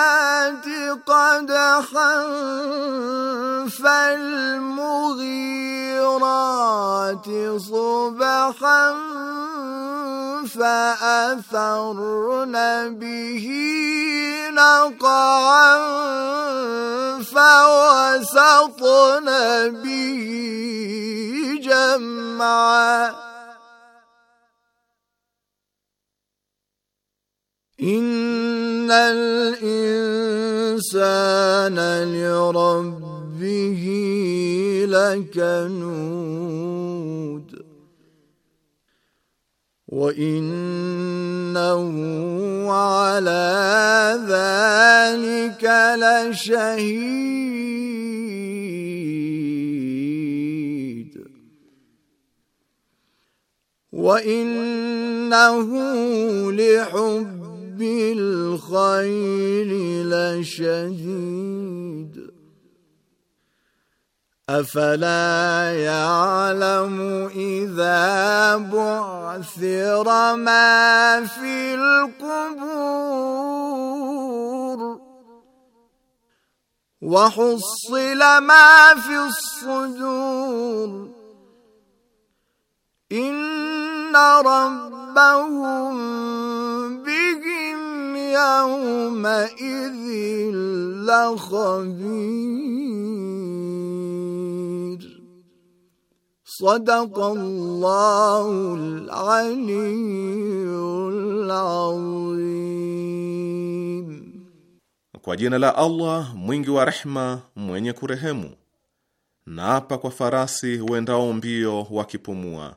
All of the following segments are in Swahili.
قد قدحا المغيرات صبحا فأثرن به نقعا فوسطن به جمعا ان الانسان لربه لكنود وانه على ذلك لشهيد وانه لحب بالخير لشديد أفلا يعلم إذا بعثر ما في القبور وحصل ما في الصدور inna rabbahum bihim yawma idhin lakhabir sadaqa Allahul aliyyul azim kwa jina la Allah mwingi wa rehma mwenye kurehemu naapa kwa farasi wendao mbio wakipumua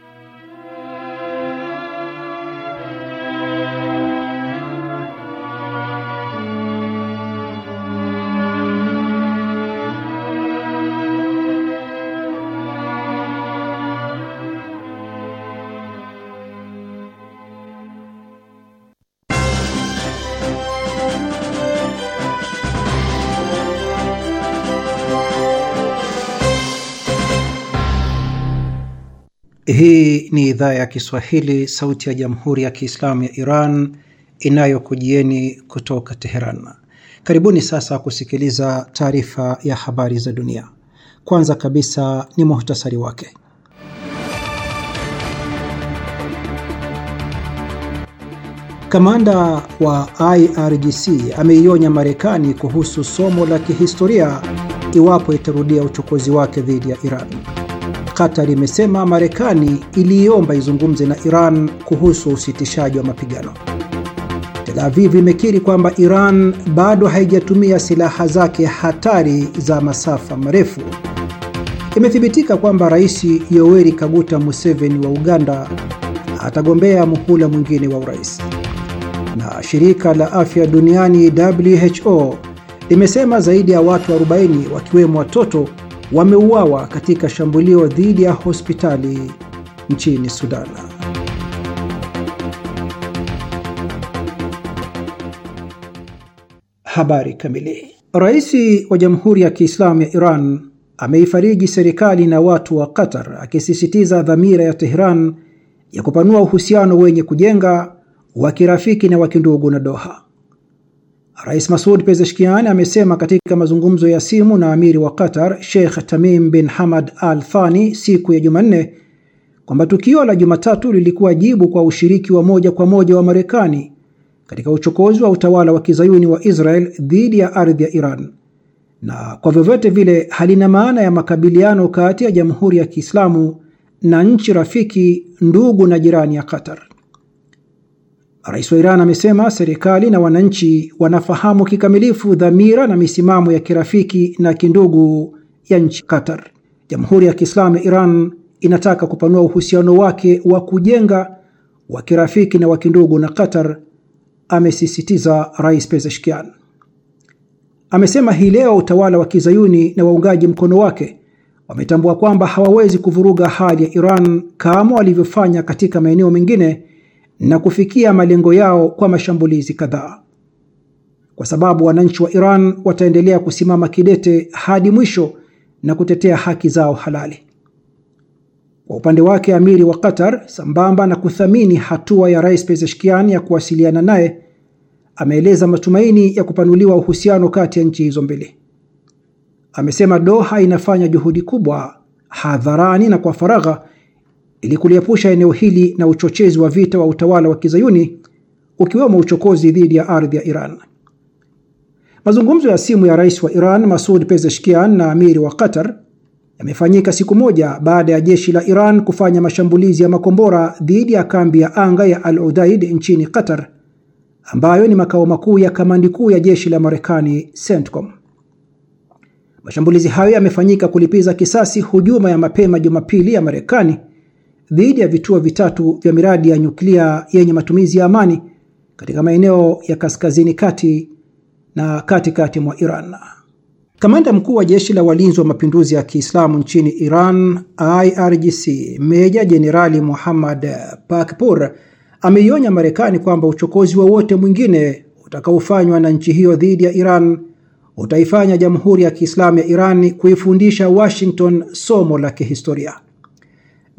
Hii ni idhaa ya Kiswahili, sauti ya jamhuri ya kiislamu ya Iran inayokujieni kutoka Teheran. Karibuni sasa kusikiliza taarifa ya habari za dunia. Kwanza kabisa ni muhtasari wake. Kamanda wa IRGC ameionya Marekani kuhusu somo la kihistoria iwapo itarudia uchokozi wake dhidi ya Iran. Qatar imesema Marekani iliiomba izungumze na Iran kuhusu usitishaji wa mapigano. Tel Aviv imekiri kwamba Iran bado haijatumia silaha zake hatari za masafa marefu. Imethibitika kwamba Rais Yoweri Kaguta Museveni wa Uganda atagombea muhula mwingine wa urais. Na shirika la afya duniani WHO limesema zaidi ya watu 40 wakiwemo watoto wameuawa katika shambulio dhidi ya hospitali nchini Sudan. Habari kamili. Rais wa Jamhuri ya Kiislamu ya Iran ameifariji serikali na watu wa Qatar akisisitiza dhamira ya Tehran ya kupanua uhusiano wenye kujenga wa kirafiki na wa kindugu na Doha. Rais Masoud Pezeshkian amesema katika mazungumzo ya simu na amiri wa Qatar Sheikh Tamim bin Hamad Al Thani siku ya Jumanne kwamba tukio la Jumatatu lilikuwa jibu kwa ushiriki wa moja kwa moja wa Marekani katika uchokozi wa utawala wa kizayuni wa Israel dhidi ya ardhi ya Iran na kwa vyovyote vile halina maana ya makabiliano kati ya Jamhuri ya Kiislamu na nchi rafiki, ndugu na jirani ya Qatar. Rais wa Iran amesema serikali na wananchi wanafahamu kikamilifu dhamira na misimamo ya kirafiki na kindugu ya nchi Qatar. Jamhuri ya Kiislamu ya Iran inataka kupanua uhusiano wake wa kujenga wa kirafiki na wa kindugu na Qatar, amesisitiza Rais Pezeshkian. Amesema hii leo utawala wa Kizayuni na waungaji mkono wake wametambua kwamba hawawezi kuvuruga hali ya Iran kama walivyofanya katika maeneo mengine na kufikia malengo yao kwa mashambulizi kadhaa, kwa sababu wananchi wa Iran wataendelea kusimama kidete hadi mwisho na kutetea haki zao halali. Kwa upande wake, amiri wa Qatar, sambamba na kuthamini hatua ya Rais Pezeshkian ya kuwasiliana naye, ameeleza matumaini ya kupanuliwa uhusiano kati ya nchi hizo mbili. Amesema Doha inafanya juhudi kubwa hadharani na kwa faragha ili kuliepusha eneo hili na uchochezi wa vita wa utawala wa Kizayuni, ukiwemo uchokozi dhidi ya ardhi ya Iran. Mazungumzo ya simu ya rais wa Iran Masoud Pezeshkian na amiri wa Qatar yamefanyika siku moja baada ya jeshi la Iran kufanya mashambulizi ya makombora dhidi ya kambi ya anga ya Al Udaid nchini Qatar, ambayo ni makao makuu ya kamandi kuu ya jeshi la Marekani CENTCOM. Mashambulizi hayo yamefanyika kulipiza kisasi hujuma ya mapema Jumapili ya Marekani dhidi ya vituo vitatu vya miradi ya nyuklia yenye matumizi ya amani katika maeneo ya kaskazini kati na katikati mwa Iran. Kamanda mkuu wa jeshi la walinzi wa mapinduzi ya Kiislamu nchini Iran, IRGC, Meja Jenerali Muhammad pakpur ameionya Marekani kwamba uchokozi wowote mwingine utakaofanywa na nchi hiyo dhidi ya Iran utaifanya Jamhuri ya Kiislamu ya Iran kuifundisha Washington somo la kihistoria.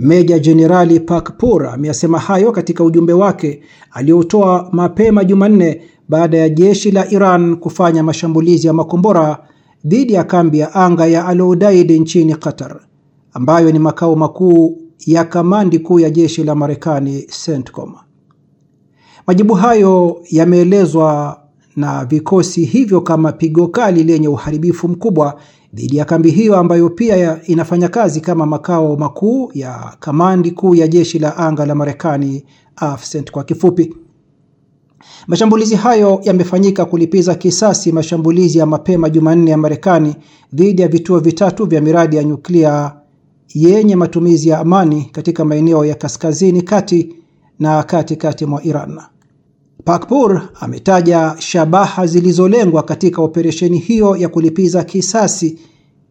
Meja Jenerali Pakpoor ameyasema hayo katika ujumbe wake aliotoa mapema Jumanne baada ya jeshi la Iran kufanya mashambulizi ya makombora dhidi ya kambi ya anga ya Al Udeid nchini Qatar, ambayo ni makao makuu ya kamandi kuu ya jeshi la Marekani CENTCOM. Majibu hayo yameelezwa na vikosi hivyo kama pigo kali lenye uharibifu mkubwa dhidi ya kambi hiyo ambayo pia inafanya kazi kama makao makuu ya kamandi kuu ya jeshi la anga la Marekani AFSENT kwa kifupi. Mashambulizi hayo yamefanyika kulipiza kisasi mashambulizi ya mapema Jumanne ya Marekani dhidi ya vituo vitatu vya miradi ya nyuklia yenye matumizi ya amani katika maeneo ya kaskazini kati na katikati mwa Iran. Pakpur ametaja shabaha zilizolengwa katika operesheni hiyo ya kulipiza kisasi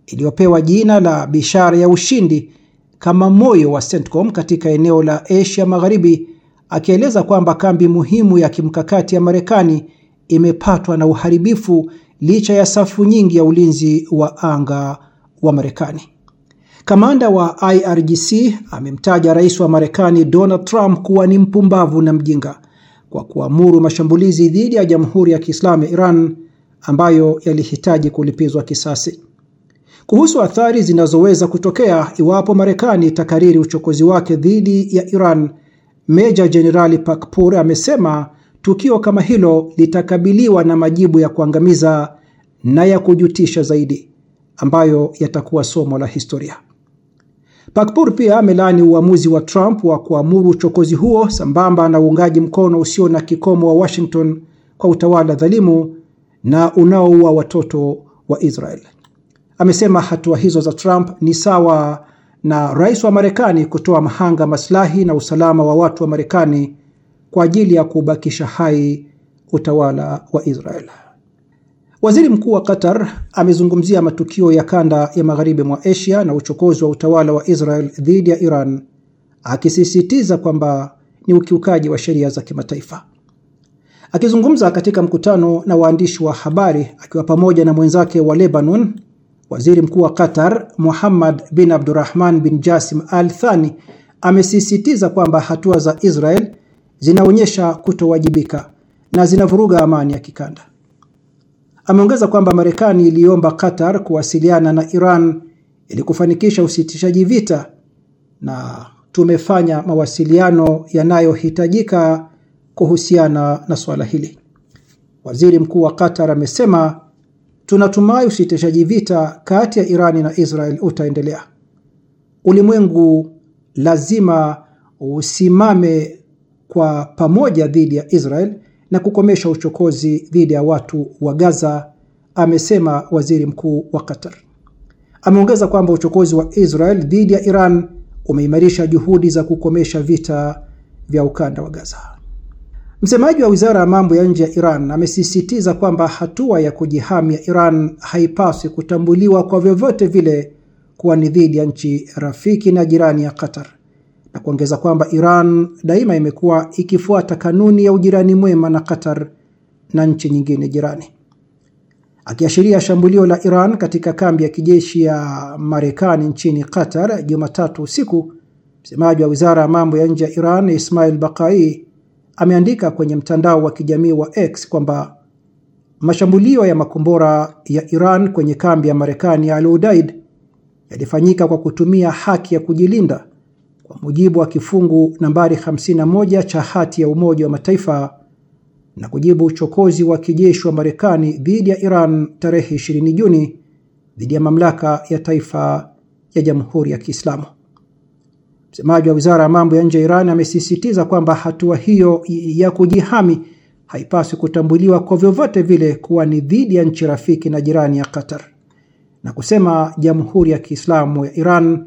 iliyopewa jina la Bishara ya Ushindi kama moyo wa CENTCOM katika eneo la Asia Magharibi, akieleza kwamba kambi muhimu ya kimkakati ya Marekani imepatwa na uharibifu licha ya safu nyingi ya ulinzi wa anga wa Marekani. Kamanda wa IRGC amemtaja rais wa Marekani Donald Trump kuwa ni mpumbavu na mjinga kwa kuamuru mashambulizi dhidi ya Jamhuri ya Kiislamu ya Iran ambayo yalihitaji kulipizwa kisasi. Kuhusu athari zinazoweza kutokea iwapo Marekani itakariri uchokozi wake dhidi ya Iran, Meja Jenerali Pakpour amesema tukio kama hilo litakabiliwa na majibu ya kuangamiza na ya kujutisha zaidi ambayo yatakuwa somo la historia. Pakpur pia amelaani uamuzi wa Trump wa kuamuru uchokozi huo sambamba na uungaji mkono usio na kikomo wa Washington kwa utawala dhalimu na unaoua watoto wa Israel. Amesema hatua hizo za Trump ni sawa na rais wa Marekani kutoa mahanga maslahi na usalama wa watu wa Marekani kwa ajili ya kubakisha hai utawala wa Israel. Waziri mkuu wa Qatar amezungumzia matukio ya kanda ya magharibi mwa Asia na uchokozi wa utawala wa Israel dhidi ya Iran, akisisitiza kwamba ni ukiukaji wa sheria za kimataifa. Akizungumza katika mkutano na waandishi wa habari akiwa pamoja na mwenzake wa Lebanon, waziri mkuu wa Qatar Muhammad bin Abdurrahman bin Jasim Al Thani amesisitiza kwamba hatua za Israel zinaonyesha kutowajibika na zinavuruga amani ya kikanda. Ameongeza kwamba Marekani iliomba Qatar kuwasiliana na Iran ili kufanikisha usitishaji vita na tumefanya mawasiliano yanayohitajika kuhusiana na swala hili. Waziri Mkuu wa Qatar amesema, tunatumai usitishaji vita kati ya Irani na Israel utaendelea. Ulimwengu lazima usimame kwa pamoja dhidi ya Israel na kukomesha uchokozi dhidi ya watu wa Gaza, amesema waziri mkuu wa Qatar. Ameongeza kwamba uchokozi wa Israel dhidi ya Iran umeimarisha juhudi za kukomesha vita vya ukanda wa Gaza. Msemaji wa wizara ya mambo ya nje ya Iran amesisitiza kwamba hatua ya kujihami ya Iran haipaswi kutambuliwa kwa vyovyote vile kuwa ni dhidi ya nchi rafiki na jirani ya Qatar na kuongeza kwamba Iran daima imekuwa ikifuata kanuni ya ujirani mwema na Qatar na nchi nyingine jirani. Akiashiria shambulio la Iran katika kambi ya kijeshi ya Marekani nchini Qatar Jumatatu usiku, msemaji wa wizara ya mambo ya nje ya Iran Ismail Bakai ameandika kwenye mtandao wa kijamii wa X kwamba mashambulio ya makombora ya Iran kwenye kambi ya Marekani ya Al Udeid yalifanyika kwa kutumia haki ya kujilinda kwa mujibu wa kifungu nambari 51 cha hati ya Umoja wa Mataifa na kujibu uchokozi wa kijeshi wa Marekani dhidi ya Iran tarehe 20 Juni dhidi ya mamlaka ya taifa ya Jamhuri ya Kiislamu. Msemaji wa Wizara ya Mambo ya Nje ya Iran amesisitiza kwamba hatua hiyo ya kujihami haipaswi kutambuliwa kwa vyovyote vile kuwa ni dhidi ya nchi rafiki na jirani ya Qatar na kusema Jamhuri ya Kiislamu ya Iran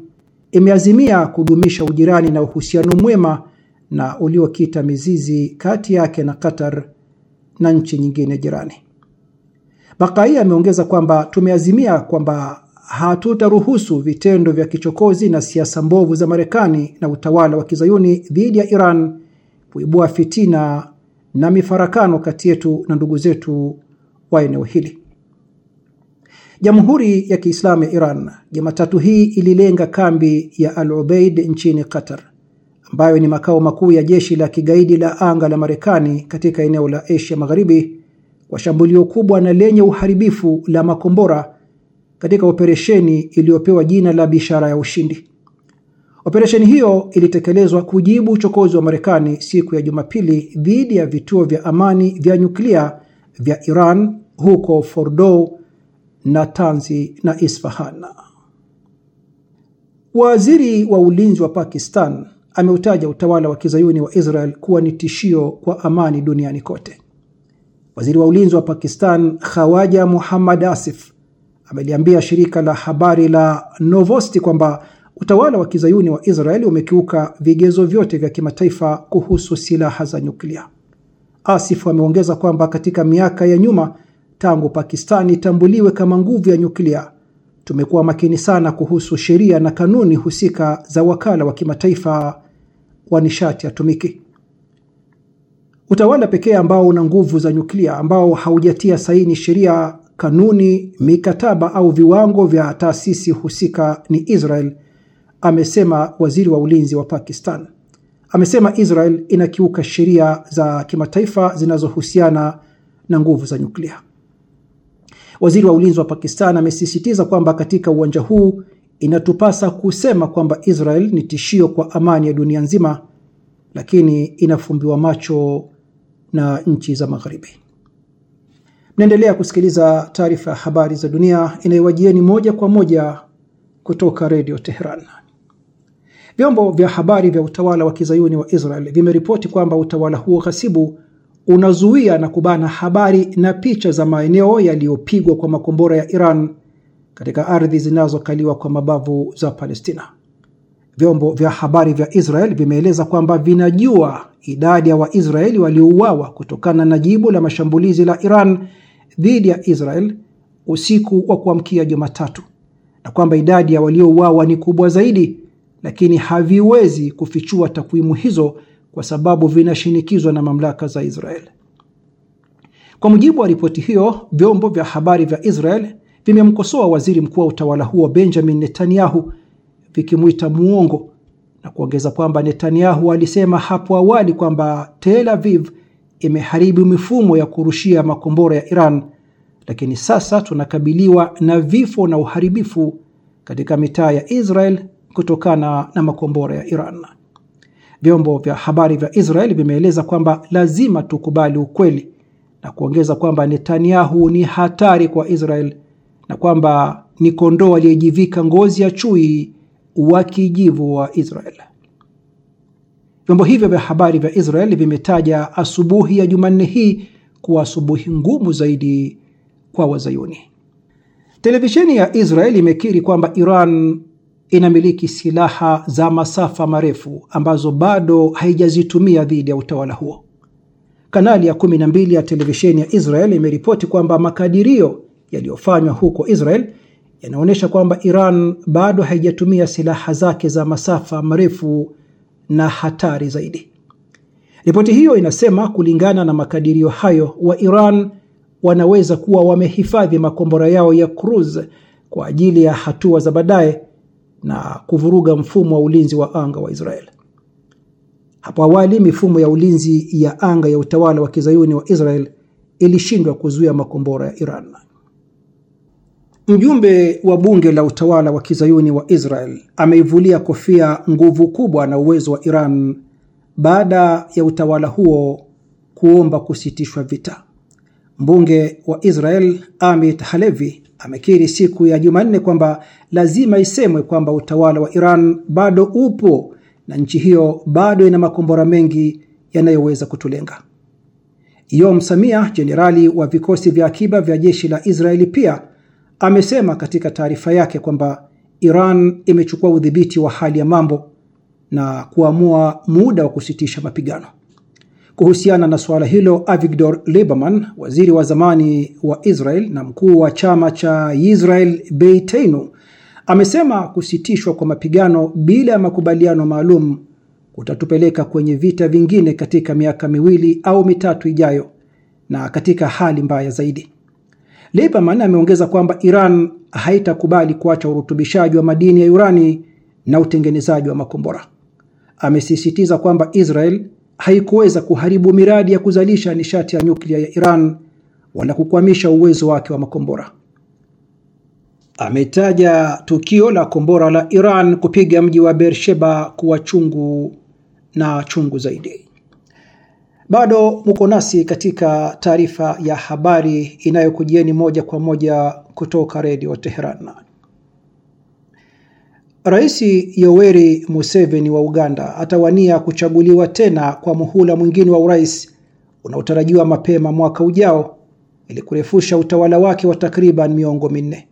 imeazimia kudumisha ujirani na uhusiano mwema na uliokita mizizi kati yake na Qatar na nchi nyingine jirani. Bakai ameongeza kwamba tumeazimia kwamba hatutaruhusu vitendo vya kichokozi na siasa mbovu za Marekani na utawala wa kizayuni dhidi ya Iran kuibua fitina na mifarakano kati yetu na ndugu zetu wa eneo hili. Jamhuri ya Kiislamu ya Iran Jumatatu hii ililenga kambi ya Al Ubaid nchini Qatar ambayo ni makao makuu ya jeshi la kigaidi la anga la Marekani katika eneo la Asia Magharibi kwa shambulio kubwa na lenye uharibifu la makombora katika operesheni iliyopewa jina la Bishara ya Ushindi. Operesheni hiyo ilitekelezwa kujibu uchokozi wa Marekani siku ya Jumapili dhidi ya vituo vya amani vya nyuklia vya Iran huko Fordow Natanzi na Isfahana. Waziri wa ulinzi wa Pakistan ameutaja utawala wa kizayuni wa Israel kuwa ni tishio kwa amani duniani kote. Waziri wa ulinzi wa Pakistan Khawaja Muhammad Asif ameliambia shirika la habari la Novosti kwamba utawala wa kizayuni wa Israel umekiuka vigezo vyote vya kimataifa kuhusu silaha za nyuklia. Asif ameongeza kwamba katika miaka ya nyuma tangu Pakistani itambuliwe kama nguvu ya nyuklia, tumekuwa makini sana kuhusu sheria na kanuni husika za wakala wa kimataifa wa nishati atomiki. Utawala pekee ambao una nguvu za nyuklia ambao haujatia saini sheria, kanuni, mikataba au viwango vya taasisi husika ni Israel, amesema waziri wa ulinzi wa Pakistan. Amesema Israel inakiuka sheria za kimataifa zinazohusiana na nguvu za nyuklia. Waziri wa ulinzi wa Pakistan amesisitiza kwamba katika uwanja huu inatupasa kusema kwamba Israel ni tishio kwa amani ya dunia nzima, lakini inafumbiwa macho na nchi za Magharibi. Mnaendelea kusikiliza taarifa ya habari za dunia inayowajieni moja kwa moja kutoka redio Teheran. Vyombo vya habari vya utawala wa kizayuni wa Israel vimeripoti kwamba utawala huo ghasibu unazuia na kubana habari na picha za maeneo yaliyopigwa kwa makombora ya Iran katika ardhi zinazokaliwa kwa mabavu za Palestina. Vyombo vya habari vya Israel vimeeleza kwamba vinajua idadi ya Waisraeli waliouawa kutokana na jibu la mashambulizi la Iran dhidi ya Israel usiku wa kuamkia Jumatatu, na kwamba idadi ya waliouawa ni kubwa zaidi, lakini haviwezi kufichua takwimu hizo kwa sababu vinashinikizwa na mamlaka za Israel. Kwa mujibu wa ripoti hiyo, vyombo vya habari vya Israel vimemkosoa waziri mkuu wa utawala huo Benjamin Netanyahu vikimwita muongo na kuongeza kwamba Netanyahu alisema hapo awali kwamba Tel Aviv imeharibu mifumo ya kurushia makombora ya Iran, lakini sasa tunakabiliwa na vifo na uharibifu katika mitaa ya Israel kutokana na makombora ya Iran. Vyombo vya habari vya Israel vimeeleza kwamba lazima tukubali ukweli na kuongeza kwamba Netanyahu ni hatari kwa Israel na kwamba ni kondoo aliyejivika ngozi ya chui wa kijivu wa Israel. Vyombo hivyo vya habari vya Israel vimetaja asubuhi ya Jumanne hii kuwa asubuhi ngumu zaidi kwa Wazayuni. Televisheni ya Israel imekiri kwamba Iran inamiliki silaha za masafa marefu ambazo bado haijazitumia dhidi ya utawala huo. Kanali ya 12 ya televisheni ya Israel imeripoti kwamba makadirio yaliyofanywa huko Israel yanaonyesha kwamba Iran bado haijatumia silaha zake za masafa marefu na hatari zaidi. Ripoti hiyo inasema kulingana na makadirio hayo, wa Iran wanaweza kuwa wamehifadhi makombora yao ya cruise kwa ajili ya hatua za baadaye na kuvuruga mfumo wa ulinzi wa anga wa Israel. Hapo awali mifumo ya ulinzi ya anga ya utawala wa kizayuni wa Israel ilishindwa kuzuia makombora ya Iran. Mjumbe wa bunge la utawala wa kizayuni wa Israel ameivulia kofia nguvu kubwa na uwezo wa Iran baada ya utawala huo kuomba kusitishwa vita. Mbunge wa Israel Amit Halevi amekiri siku ya Jumanne kwamba lazima isemwe kwamba utawala wa Iran bado upo na nchi hiyo bado ina makombora mengi yanayoweza kutulenga. Yom Samia, jenerali wa vikosi vya akiba vya jeshi la Israeli, pia amesema katika taarifa yake kwamba Iran imechukua udhibiti wa hali ya mambo na kuamua muda wa kusitisha mapigano. Kuhusiana na suala hilo, Avigdor Lieberman, waziri wa zamani wa Israel na mkuu wa chama cha Israel Beiteinu, amesema kusitishwa kwa mapigano bila ya makubaliano maalum kutatupeleka kwenye vita vingine katika miaka miwili au mitatu ijayo na katika hali mbaya zaidi. Lieberman ameongeza kwamba Iran haitakubali kuacha urutubishaji wa madini ya urani na utengenezaji wa makombora. Amesisitiza kwamba Israel haikuweza kuharibu miradi ya kuzalisha nishati ya nyuklia ya Iran wala kukwamisha uwezo wake wa makombora. Ametaja tukio la kombora la Iran kupiga mji wa Beersheba kuwa chungu na chungu zaidi. Bado muko nasi katika taarifa ya habari inayokujieni moja kwa moja kutoka redio Teheran. Rais Yoweri Museveni wa Uganda atawania kuchaguliwa tena kwa muhula mwingine wa urais unaotarajiwa mapema mwaka ujao ili kurefusha utawala wake wa takriban miongo minne.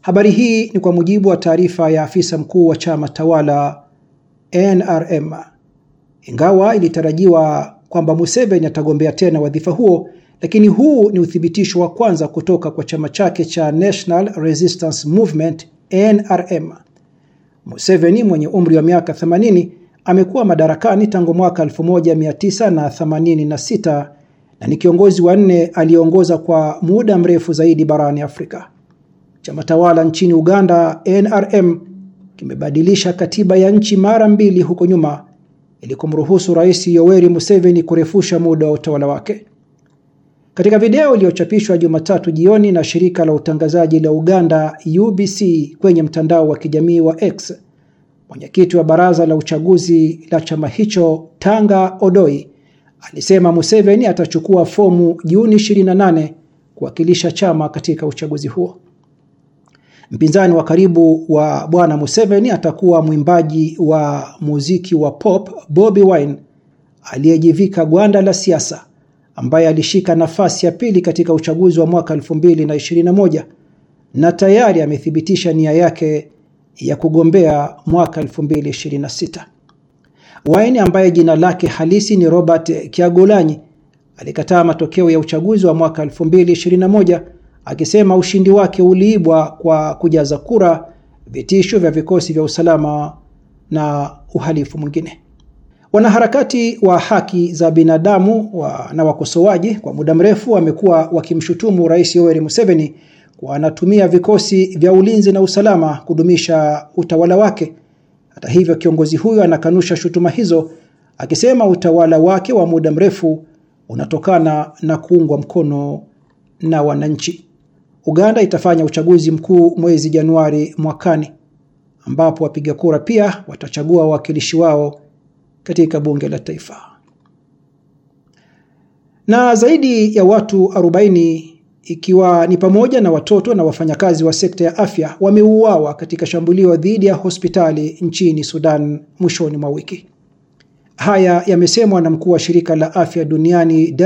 Habari hii ni kwa mujibu wa taarifa ya afisa mkuu wa chama tawala NRM. Ingawa ilitarajiwa kwamba Museveni atagombea tena wadhifa huo, lakini huu ni uthibitisho wa kwanza kutoka kwa chama chake cha National Resistance Movement NRM Museveni mwenye umri wa miaka 80 amekuwa madarakani tangu mwaka 1986 na ni kiongozi wa nne aliyeongoza kwa muda mrefu zaidi barani Afrika. Chama tawala nchini Uganda, NRM, kimebadilisha katiba ya nchi mara mbili huko nyuma ili kumruhusu Rais Yoweri Museveni kurefusha muda wa utawala wake. Katika video iliyochapishwa Jumatatu jioni na shirika la utangazaji la Uganda UBC kwenye mtandao wa kijamii wa X, mwenyekiti wa baraza la uchaguzi la chama hicho Tanga Odoi alisema Museveni atachukua fomu Juni 28 kuwakilisha chama katika uchaguzi huo. Mpinzani wa karibu wa bwana Museveni atakuwa mwimbaji wa muziki wa pop Bobi Wine aliyejivika gwanda la siasa ambaye alishika nafasi ya pili katika uchaguzi wa mwaka 2021 na tayari amethibitisha nia yake ya kugombea mwaka 2026. Wine ambaye jina lake halisi ni Robert Kyagulanyi alikataa matokeo ya uchaguzi wa mwaka 2021 akisema ushindi wake uliibwa kwa kujaza kura, vitisho vya vikosi vya usalama na uhalifu mwingine. Wanaharakati wa haki za binadamu wa, na wakosoaji kwa muda mrefu wamekuwa wakimshutumu Rais Yoweri Museveni kwa anatumia vikosi vya ulinzi na usalama kudumisha utawala wake. Hata hivyo, kiongozi huyo anakanusha shutuma hizo akisema utawala wake wa muda mrefu unatokana na kuungwa mkono na wananchi. Uganda itafanya uchaguzi mkuu mwezi Januari mwakani ambapo wapiga kura pia watachagua wawakilishi wao katika bunge la taifa. Na zaidi ya watu 40 ikiwa ni pamoja na watoto na wafanyakazi wa sekta ya afya wameuawa katika shambulio dhidi ya hospitali nchini Sudan mwishoni mwa wiki. Haya yamesemwa na mkuu wa shirika la afya duniani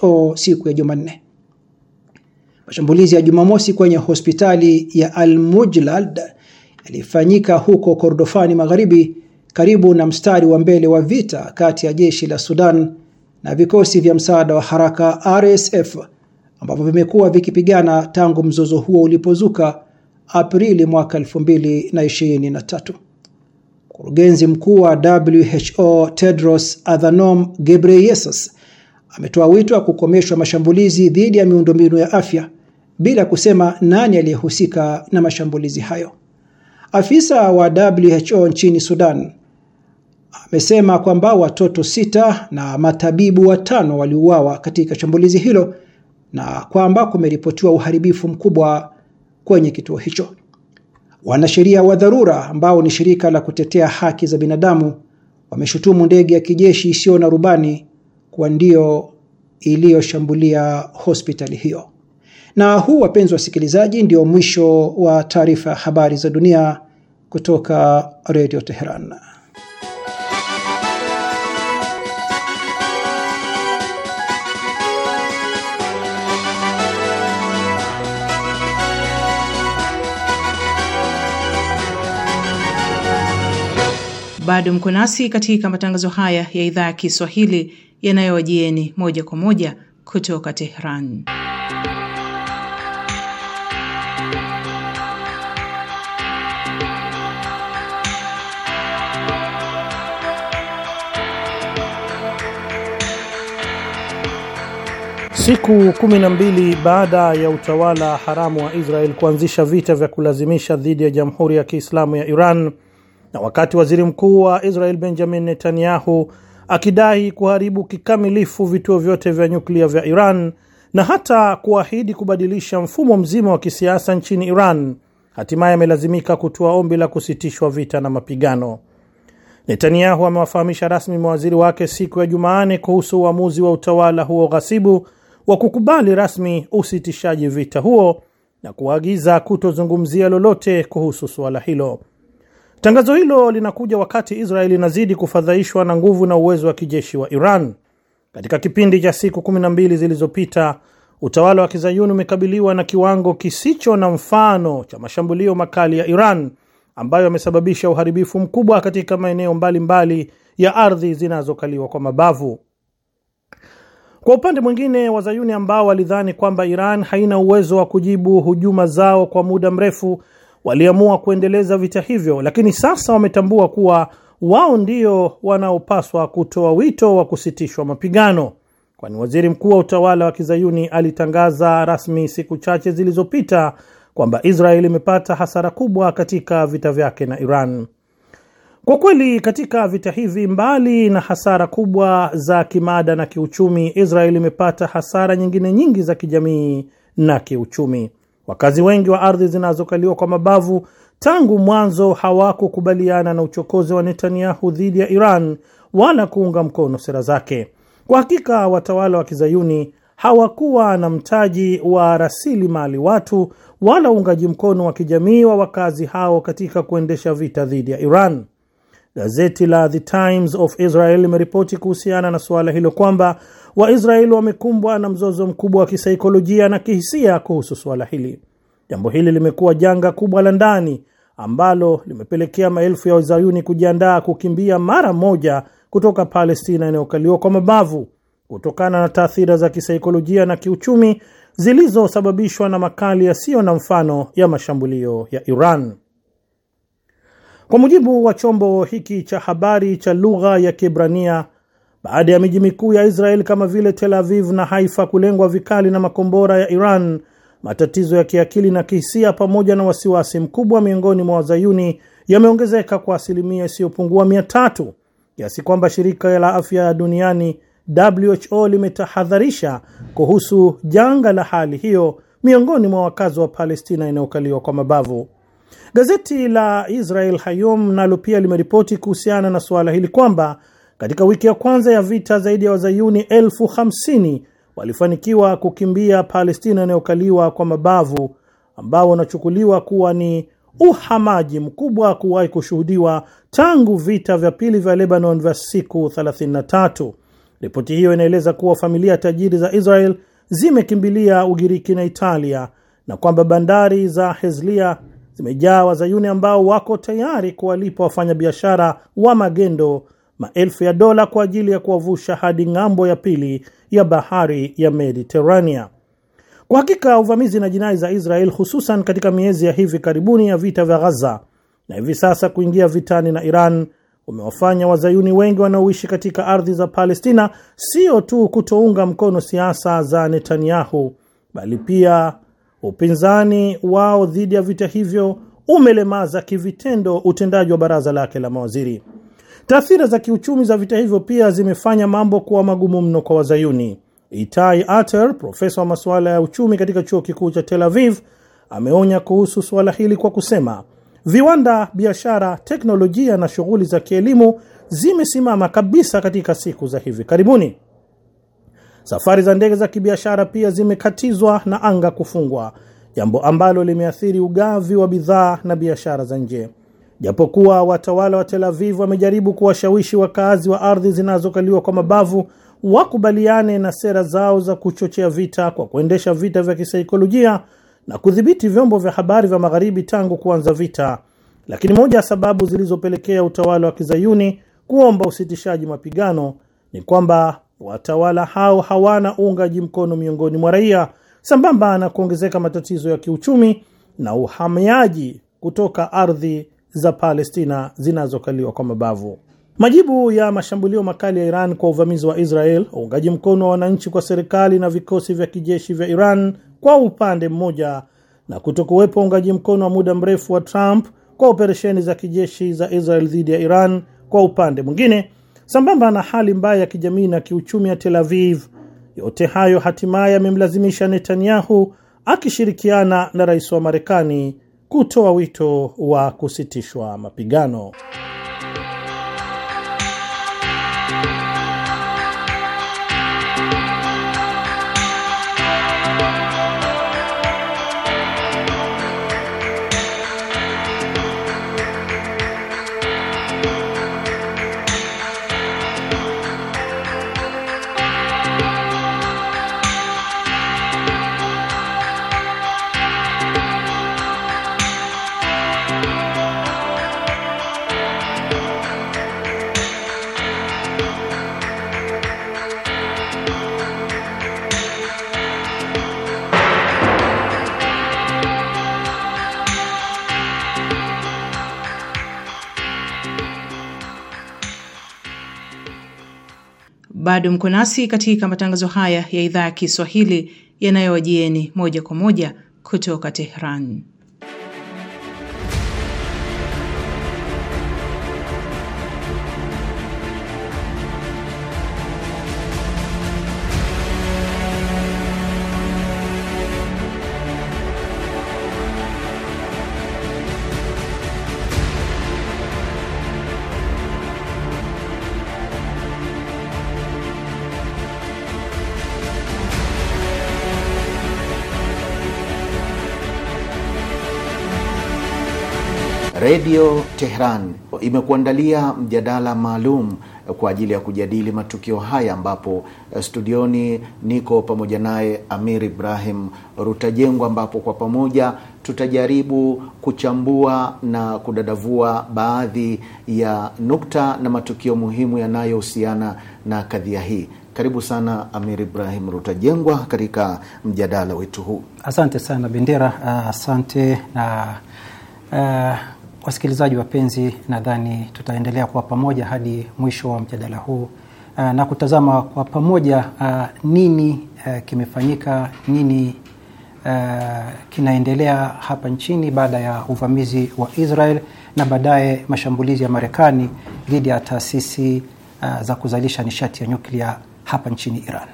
WHO siku ya Jumanne. Mashambulizi ya Jumamosi kwenye hospitali ya Al-Mujlad yalifanyika huko Kordofani Magharibi karibu na mstari wa mbele wa vita kati ya jeshi la Sudan na vikosi vya msaada wa haraka RSF ambavyo vimekuwa vikipigana tangu mzozo huo ulipozuka Aprili mwaka 2023. Mkurugenzi mkuu wa WHO Tedros Adhanom Ghebreyesus ametoa wito wa kukomeshwa mashambulizi dhidi ya miundombinu ya afya bila kusema nani aliyehusika na mashambulizi hayo. Afisa wa WHO nchini Sudan amesema kwamba watoto sita na matabibu watano waliuawa katika shambulizi hilo na kwamba kumeripotiwa uharibifu mkubwa kwenye kituo hicho. Wanasheria wa dharura ambao ni shirika la kutetea haki za binadamu wameshutumu ndege ya kijeshi isiyo na rubani kuwa ndio iliyoshambulia hospitali hiyo. Na huu, wapenzi wasikilizaji, ndio mwisho wa taarifa ya habari za dunia kutoka Redio Teheran. Bado mko nasi katika matangazo haya ya idhaa ya Kiswahili yanayowajieni moja kwa moja kutoka Tehran. Siku 12 baada ya utawala haramu wa Israel kuanzisha vita vya kulazimisha dhidi ya Jamhuri ya Kiislamu ya Iran na wakati waziri mkuu wa Israel Benjamin Netanyahu akidai kuharibu kikamilifu vituo vyote vya nyuklia vya Iran na hata kuahidi kubadilisha mfumo mzima wa kisiasa nchini Iran, hatimaye amelazimika kutoa ombi la kusitishwa vita na mapigano. Netanyahu amewafahamisha rasmi mawaziri wake siku ya Jumanne kuhusu uamuzi wa utawala huo ghasibu wa kukubali rasmi usitishaji vita huo na kuagiza kutozungumzia lolote kuhusu suala hilo. Tangazo hilo linakuja wakati Israel inazidi kufadhaishwa na nguvu na uwezo wa kijeshi wa Iran. Katika kipindi cha siku 12 zilizopita, utawala wa kizayuni umekabiliwa na kiwango kisicho na mfano cha mashambulio makali ya Iran ambayo yamesababisha uharibifu mkubwa katika maeneo mbalimbali mbali ya ardhi zinazokaliwa kwa mabavu. Kwa upande mwingine, wazayuni ambao walidhani kwamba Iran haina uwezo wa kujibu hujuma zao kwa muda mrefu waliamua kuendeleza vita hivyo, lakini sasa wametambua kuwa wao ndio wanaopaswa kutoa wito wa kusitishwa mapigano, kwani waziri mkuu wa utawala wa kizayuni alitangaza rasmi siku chache zilizopita kwamba Israeli imepata hasara kubwa katika vita vyake na Iran. Kwa kweli katika vita hivi, mbali na hasara kubwa za kimada na kiuchumi, Israeli imepata hasara nyingine nyingi za kijamii na kiuchumi. Wakazi wengi wa ardhi zinazokaliwa kwa mabavu tangu mwanzo hawakukubaliana na uchokozi wa Netanyahu dhidi ya Iran wala kuunga mkono sera zake. Kwa hakika watawala wa kizayuni hawakuwa na mtaji wa rasilimali watu wala uungaji mkono wa kijamii wa wakazi hao katika kuendesha vita dhidi ya Iran. Gazeti la The Times of Israel limeripoti kuhusiana na suala hilo kwamba Waisraeli wamekumbwa na mzozo mkubwa wa kisaikolojia na kihisia kuhusu suala hili. Jambo hili limekuwa janga kubwa la ndani ambalo limepelekea maelfu ya Wazayuni kujiandaa kukimbia mara moja kutoka Palestina inayokaliwa kwa mabavu kutokana na taathira za kisaikolojia na kiuchumi zilizosababishwa na makali yasiyo na mfano ya mashambulio ya Iran. Kwa mujibu wa chombo hiki cha habari cha lugha ya kibrania baada ya miji mikuu ya Israel kama vile Tel Aviv na Haifa kulengwa vikali na makombora ya Iran, matatizo ya kiakili na kihisia pamoja na wasiwasi mkubwa miongoni mwa wazayuni yameongezeka kwa asilimia isiyopungua mia tatu kiasi kwamba shirika la afya duniani WHO limetahadharisha kuhusu janga la hali hiyo miongoni mwa wakazi wa Palestina inayokaliwa kwa mabavu. Gazeti la Israel Hayom nalo pia limeripoti kuhusiana na suala hili kwamba katika wiki ya kwanza ya vita zaidi ya wazayuni elfu hamsini walifanikiwa kukimbia Palestina inayokaliwa kwa mabavu ambao wanachukuliwa kuwa ni uhamaji mkubwa kuwahi kushuhudiwa tangu vita vya pili vya Lebanon vya siku 33. Ripoti hiyo inaeleza kuwa familia tajiri za Israel zimekimbilia Ugiriki na Italia na kwamba bandari za Hezlia zimejaa wazayuni ambao wako tayari kuwalipa wafanyabiashara wa magendo maelfu ya dola kwa ajili ya kuwavusha hadi ng'ambo ya pili ya bahari ya Mediterania. Kwa hakika uvamizi na jinai za Israel, hususan katika miezi ya hivi karibuni ya vita vya Ghaza na hivi sasa kuingia vitani na Iran, umewafanya wazayuni wengi wanaoishi katika ardhi za Palestina sio tu kutounga mkono siasa za Netanyahu, bali pia upinzani wao dhidi ya vita hivyo umelemaza kivitendo utendaji wa baraza lake la mawaziri. Taathira za kiuchumi za vita hivyo pia zimefanya mambo kuwa magumu mno kwa Wazayuni. Itai Ater, profesa wa masuala ya uchumi katika chuo kikuu cha Tel Aviv, ameonya kuhusu suala hili kwa kusema, viwanda, biashara, teknolojia na shughuli za kielimu zimesimama kabisa katika siku za hivi karibuni. Safari za ndege za kibiashara pia zimekatizwa na anga kufungwa, jambo ambalo limeathiri ugavi wa bidhaa na biashara za nje. Japokuwa watawala wa Tel Aviv wamejaribu kuwashawishi wakazi wa ardhi zinazokaliwa kwa mabavu wakubaliane na sera zao za kuchochea vita kwa kuendesha vita vya kisaikolojia na kudhibiti vyombo vya habari vya magharibi tangu kuanza vita, lakini moja ya sababu zilizopelekea utawala wa kizayuni kuomba usitishaji mapigano ni kwamba watawala hao hawana uungaji mkono miongoni mwa raia, sambamba na kuongezeka matatizo ya kiuchumi na uhamiaji kutoka ardhi za Palestina zinazokaliwa kwa mabavu. Majibu ya mashambulio makali ya Iran kwa uvamizi wa Israel, uungaji mkono wa wananchi kwa serikali na vikosi vya kijeshi vya Iran kwa upande mmoja, na kutokuwepo uungaji mkono wa muda mrefu wa Trump kwa operesheni za kijeshi za Israel dhidi ya Iran kwa upande mwingine sambamba na hali mbaya ya kijamii na kiuchumi ya Tel Aviv. Yote hayo hatimaye yamemlazimisha Netanyahu akishirikiana na rais wa Marekani kutoa wito wa kusitishwa mapigano. Bado mko nasi katika matangazo haya ya idhaa ya Kiswahili yanayowajieni moja kwa moja kutoka Tehran. Redio Tehran imekuandalia mjadala maalum kwa ajili ya kujadili matukio haya, ambapo eh, studioni niko pamoja naye Amir Ibrahim Rutajengwa, ambapo kwa pamoja tutajaribu kuchambua na kudadavua baadhi ya nukta na matukio muhimu yanayohusiana na kadhia hii. Karibu sana Amir Ibrahim Rutajengwa katika mjadala wetu huu. Asante sana Bendera. Ah, asante na uh, Wasikilizaji wapenzi, nadhani tutaendelea kuwa pamoja hadi mwisho wa mjadala huu eh, na kutazama kwa pamoja eh, nini eh, kimefanyika, nini kinaendelea hapa nchini baada ya uvamizi wa Israel na baadaye mashambulizi ya Marekani dhidi ya taasisi za kuzalisha nishati ya nyuklia hapa nchini Iran.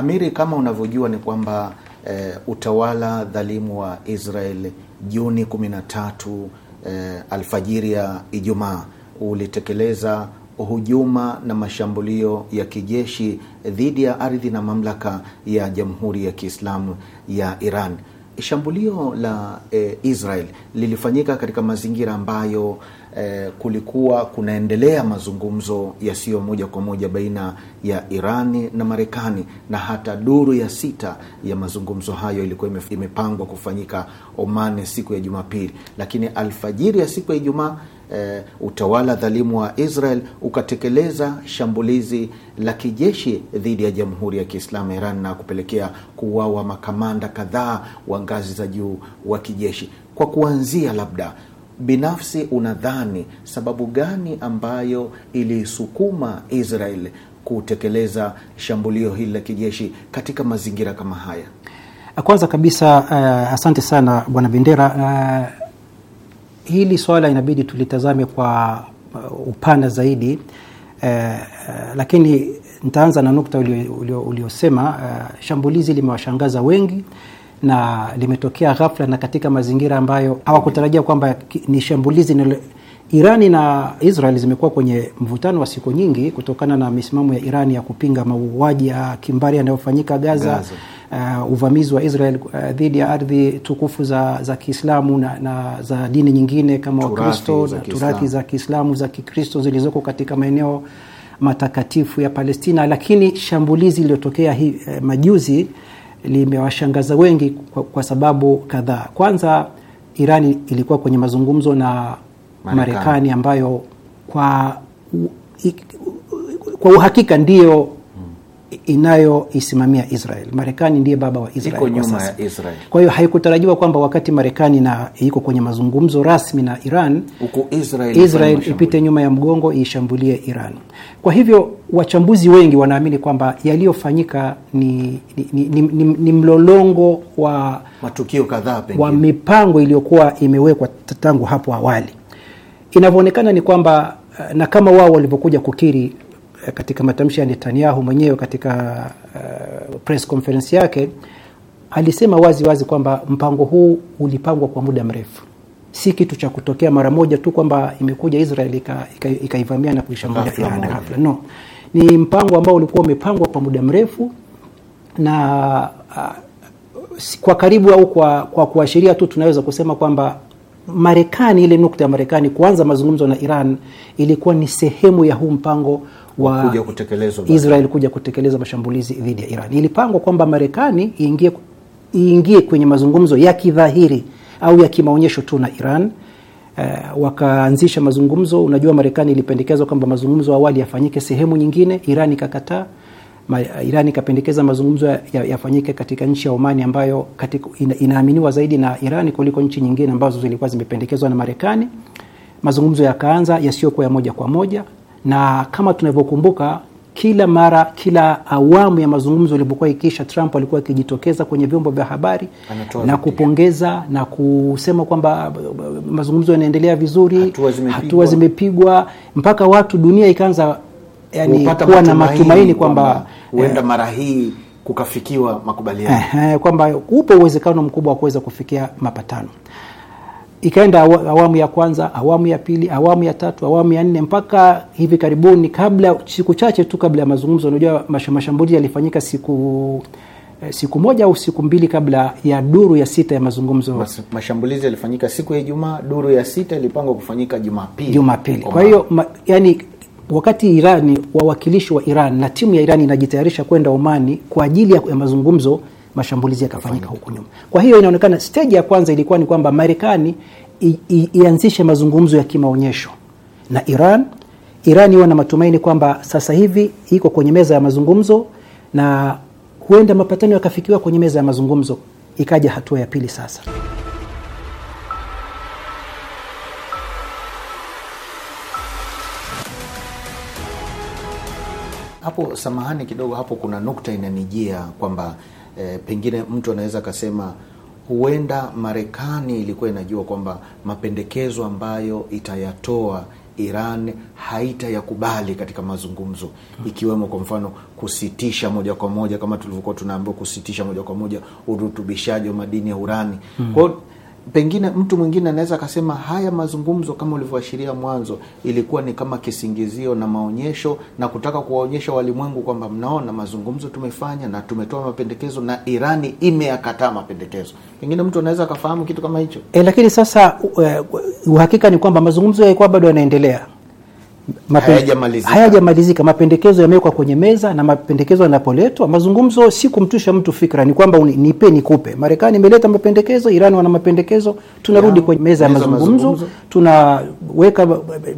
Amiri, kama unavyojua ni kwamba e, utawala dhalimu wa Israel Juni 13 e, eh, alfajiri ya Ijumaa ulitekeleza hujuma na mashambulio ya kijeshi dhidi ya ardhi na mamlaka ya Jamhuri ya Kiislamu ya Iran. Shambulio la e, Israel lilifanyika katika mazingira ambayo e, kulikuwa kunaendelea mazungumzo yasiyo moja kwa moja baina ya Irani na Marekani, na hata duru ya sita ya mazungumzo hayo ilikuwa imepangwa kufanyika Omani siku ya Jumapili, lakini alfajiri ya siku ya Ijumaa e, utawala dhalimu wa Israel ukatekeleza shambulizi la kijeshi dhidi ya Jamhuri ya Kiislamu Iran na kupelekea kuuawa makamanda kadhaa wa ngazi za juu wa kijeshi. Kwa kuanzia, labda binafsi, unadhani sababu gani ambayo ilisukuma Israel kutekeleza shambulio hili la kijeshi katika mazingira kama haya? Kwanza kabisa, uh, asante sana Bwana Bendera. Uh, hili swala inabidi tulitazame kwa uh, upana zaidi eh, eh, lakini nitaanza na nukta uliosema eh, shambulizi limewashangaza wengi na limetokea ghafla na katika mazingira ambayo hawakutarajia kwamba ni shambulizi na Irani na Israel zimekuwa kwenye mvutano wa siku nyingi kutokana na misimamo ya Irani ya kupinga mauaji ya kimbari yanayofanyika Gaza, Gaza uh, uvamizi wa Israel uh, dhidi ya ardhi tukufu za, za Kiislamu na, na za dini nyingine kama Wakristo na turathi za Kiislamu za Kikristo zilizoko katika maeneo matakatifu ya Palestina. Lakini shambulizi iliyotokea hii uh, eh, majuzi limewashangaza wengi kwa, kwa sababu kadhaa. Kwanza, iran ilikuwa kwenye mazungumzo na Marekani ambayo kwa, kwa uhakika ndiyo inayoisimamia Israel. Marekani ndiye baba wa Israel, iko nyuma ya Israel. Kwa hiyo haikutarajiwa kwamba wakati Marekani na iko kwenye mazungumzo rasmi na Iran huko Israel, Israel ipite nyuma ya mgongo iishambulie Iran. Kwa hivyo wachambuzi wengi wanaamini kwamba yaliyofanyika ni, ni, ni, ni, ni mlolongo wa matukio kadhaa pengine wa mipango iliyokuwa imewekwa tangu hapo awali. Inavyoonekana ni kwamba eh, na kama wao walivyokuja kukiri katika matamshi ya Netanyahu mwenyewe katika uh, press conference yake alisema wazi wazi kwamba mpango huu ulipangwa kwa muda mrefu, si kitu cha kutokea mara moja tu kwamba imekuja Israel ikaivamia ika, ika na kuishambulia Iran ghafla. No, ni mpango ambao ulikuwa umepangwa kwa muda mrefu na uh, kwa karibu au kwa kwa kuashiria tu tunaweza kusema kwamba Marekani, ile nukta ya Marekani kuanza mazungumzo na Iran ilikuwa ni sehemu ya huu mpango wa kuja kutekeleza Israel kuja kutekeleza mashambulizi dhidi ya Iran. Ilipangwa kwamba Marekani iingie iingie kwenye mazungumzo ya kidhahiri au ya kimaonyesho tu na Iran. Uh, wakaanzisha mazungumzo. Unajua, Marekani ilipendekezwa kwamba mazungumzo awali yafanyike sehemu nyingine, Iran ikakataa. Iran ikapendekeza mazungumzo yafanyike ya katika nchi ya Omani ambayo katika, ina, inaaminiwa zaidi na Iran kuliko nchi nyingine ambazo zilikuwa zimependekezwa na Marekani. Mazungumzo yakaanza yasiyokuwa ya moja kwa moja na kama tunavyokumbuka kila mara kila awamu ya mazungumzo ilipokuwa ikiisha, Trump alikuwa akijitokeza kwenye vyombo vya habari Anatua na kupongeza vipia, na kusema kwamba uh, uh, mazungumzo yanaendelea vizuri, hatua zimepigwa, mpaka watu dunia ikaanza yani, kuwa na matumaini kwamba huenda eh, mara hii kukafikiwa makubaliano eh, eh, kwamba upo uwezekano mkubwa wa kuweza kufikia mapatano ikaenda awamu ya kwanza awamu ya pili awamu ya tatu awamu ya nne mpaka hivi karibuni kabla siku chache tu kabla ya mazungumzo unajua mashambulizi yalifanyika siku eh, siku moja au siku mbili kabla ya duru ya sita ya mazungumzo Mas, mashambulizi yalifanyika siku ya ijumaa duru ya sita ilipangwa kufanyika jumapili jumapili kwa hiyo yani wakati irani wawakilishi wa iran na timu ya irani inajitayarisha kwenda omani kwa ajili ya mazungumzo mashambulizi yakafanyika huku nyuma. Kwa hiyo inaonekana steji ya kwanza ilikuwa ni kwamba Marekani ianzishe mazungumzo ya kimaonyesho na Iran. Iran iwe na matumaini kwamba sasa hivi iko kwenye meza ya mazungumzo na huenda mapatano yakafikiwa kwenye meza ya mazungumzo. Ikaja hatua ya pili sasa. Hapo samahani kidogo, hapo kuna nukta inanijia kwamba e, pengine mtu anaweza akasema huenda Marekani ilikuwa inajua kwamba mapendekezo ambayo itayatoa Iran haitayakubali katika mazungumzo, ikiwemo kwa mfano kusitisha moja kwa moja, kama tulivyokuwa tunaambiwa, kusitisha moja kwa moja urutubishaji wa madini ya urani. Hmm. Kwa kwao pengine mtu mwingine anaweza akasema haya mazungumzo kama ulivyoashiria mwanzo ilikuwa ni kama kisingizio na maonyesho na kutaka kuwaonyesha walimwengu kwamba mnaona mazungumzo tumefanya na tumetoa mapendekezo na Irani imeakataa mapendekezo. Pengine mtu anaweza akafahamu kitu kama hicho e, lakini sasa uh, uh, uhakika ni kwamba mazungumzo yalikuwa bado yanaendelea hayajamalizika, hayajamalizika. Mapendekezo yamewekwa kwenye meza, na mapendekezo yanapoletwa, mazungumzo si kumtusha mtu fikra, ni kwamba nipe nikupe. Marekani imeleta mapendekezo, Iran wana mapendekezo, tunarudi kwenye meza ya mazungumzo, tunaweka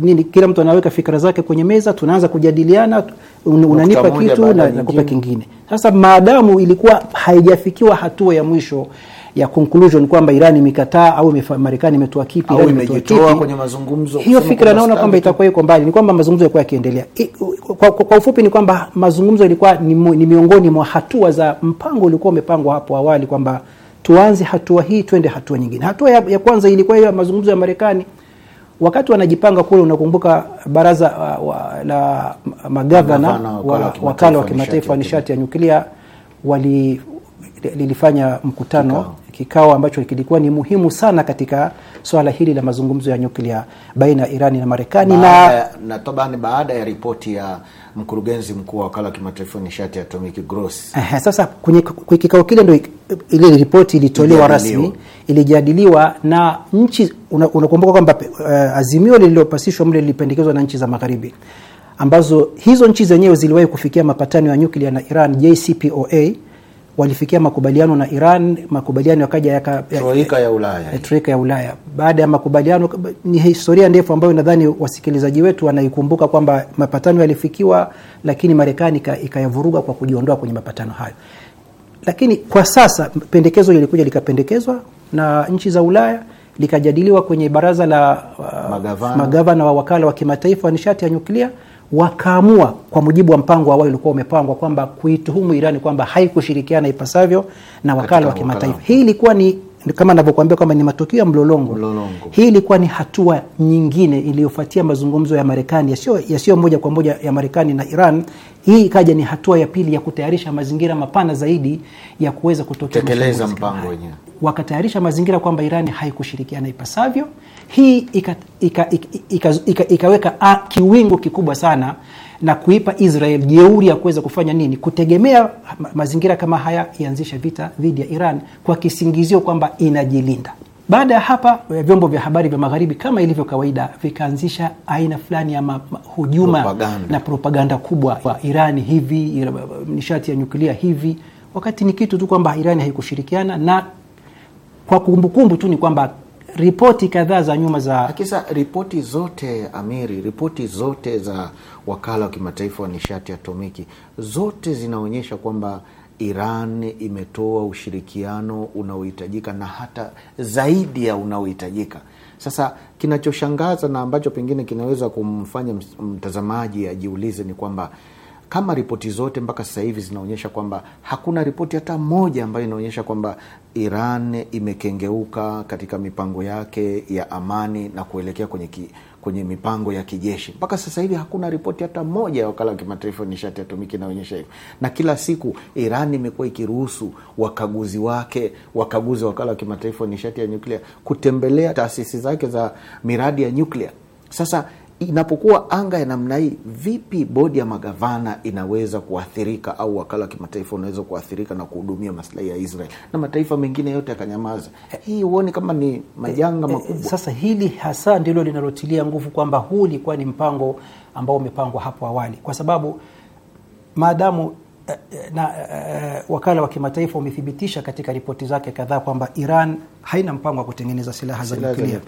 nini, kila mtu anaweka fikra zake kwenye meza, tunaanza kujadiliana, un, unanipa kitu na nakupa kingine. Sasa maadamu ilikuwa haijafikiwa hatua ya mwisho ya conclusion kwamba Iran imekataa au Marekani imetoa kipi, au imejitoa kwenye mazungumzo. Hiyo fikra naona kwamba itakuwa iko mbali, ni kwamba mazungumzo yalikuwa yakiendelea. Kwa, kwa, kwa ufupi ni kwamba mazungumzo ilikuwa ni, ni miongoni mwa hatua za mpango ulikuwa umepangwa hapo awali kwamba tuanze hatua hii twende hatua nyingine. Hatua ya, ya kwanza ilikuwa hiyo mazungumzo ya Marekani wakati wanajipanga kule, unakumbuka baraza uh, wa, la magavana wakala wa kimataifa wa nishati ya nyuklia wali lilifanya mkutano kikao, kikao ambacho kilikuwa ni muhimu sana katika swala hili la mazungumzo ya nyuklia baina ya Irani na Marekani na na tobani baada ya ripoti ya mkurugenzi mkuu wa wakala wa kimataifa nishati ya atomiki Gross. Sasa kwenye kikao kile ndo ile ripoti ilitolewa rasmi, ilijadiliwa na nchi. Unakumbuka kwamba uh, azimio lililopasishwa mle lilipendekezwa na nchi za Magharibi ambazo hizo nchi zenyewe ziliwahi kufikia mapatano ya nyuklia na Iran JCPOA walifikia makubaliano na Iran, makubaliano yakaja ya, troika ya Ulaya, troika ya Ulaya. Baada ya makubaliano, ni historia ndefu ambayo nadhani wasikilizaji wetu wanaikumbuka kwamba mapatano yalifikiwa, lakini Marekani ikayavuruga kwa kujiondoa kwenye mapatano hayo. Lakini kwa sasa pendekezo lilikuja likapendekezwa na nchi za Ulaya likajadiliwa kwenye baraza la uh, magavana. magavana wa wakala wa kimataifa wa nishati ya nyuklia wakaamua kwa mujibu wa mpango awali ulikuwa umepangwa kwamba kuituhumu Irani kwamba haikushirikiana ipasavyo na wakala wa kimataifa. Hii ilikuwa ni kama navyokuambia kwamba ni matukio ya mlolongo. Mlolongo hii ilikuwa ni hatua nyingine iliyofuatia mazungumzo ya Marekani yasiyo moja kwa moja ya Marekani na Iran. Hii ikaja ni hatua ya pili ya kutayarisha mazingira mapana zaidi ya kuweza kutekeleza mpango wenyewe wakatayarisha mazingira kwamba Irani haikushirikiana ipasavyo. Hii ikaweka ika, ika, ika, ika, ika kiwingu kikubwa sana na kuipa Israel jeuri ya kuweza kufanya nini, kutegemea mazingira kama haya ianzishe vita dhidi ya Iran kwa kisingizio kwamba inajilinda. Baada ya hapa eh, vyombo vya habari vya magharibi kama ilivyo kawaida vikaanzisha aina fulani ya hujuma na propaganda kubwa kwa Irani hivi, eh, nishati ya nyuklia hivi, wakati ni kitu tu kwamba Irani haikushirikiana na kwa kumbukumbu tu ni kwamba ripoti kadhaa za nyuma za akisa ripoti zote Amiri, ripoti zote za wakala wa kimataifa wa nishati atomiki zote zinaonyesha kwamba Iran imetoa ushirikiano unaohitajika na hata zaidi ya unaohitajika. Sasa kinachoshangaza na ambacho pengine kinaweza kumfanya mtazamaji ajiulize ni kwamba kama ripoti zote mpaka sasa hivi zinaonyesha kwamba hakuna ripoti hata moja ambayo inaonyesha kwamba Iran imekengeuka katika mipango yake ya amani na kuelekea kwenye ki, kwenye mipango ya kijeshi. Mpaka sasa hivi hakuna ripoti hata moja ya wakala wa kimataifa nishati atumiki inaonyesha hivo na kila siku Iran imekuwa ikiruhusu wakaguzi wake, wakaguzi wa wakala wa kimataifa nishati ya nyuklia kutembelea taasisi zake za miradi ya nyuklia. Sasa inapokuwa anga ya namna hii, vipi bodi ya magavana inaweza kuathirika au wakala wa kimataifa unaweza kuathirika na kuhudumia maslahi ya Israel na mataifa mengine yote yakanyamaza? Hii huoni kama ni majanga eh, eh, makubwa? sasa hili hasa ndilo linalotilia nguvu kwamba huu ulikuwa ni mpango ambao umepangwa hapo awali, kwa sababu maadamu eh, na uh, wakala wa kimataifa umethibitisha katika ripoti zake kadhaa kwamba Iran haina mpango wa kutengeneza silaha za nyuklia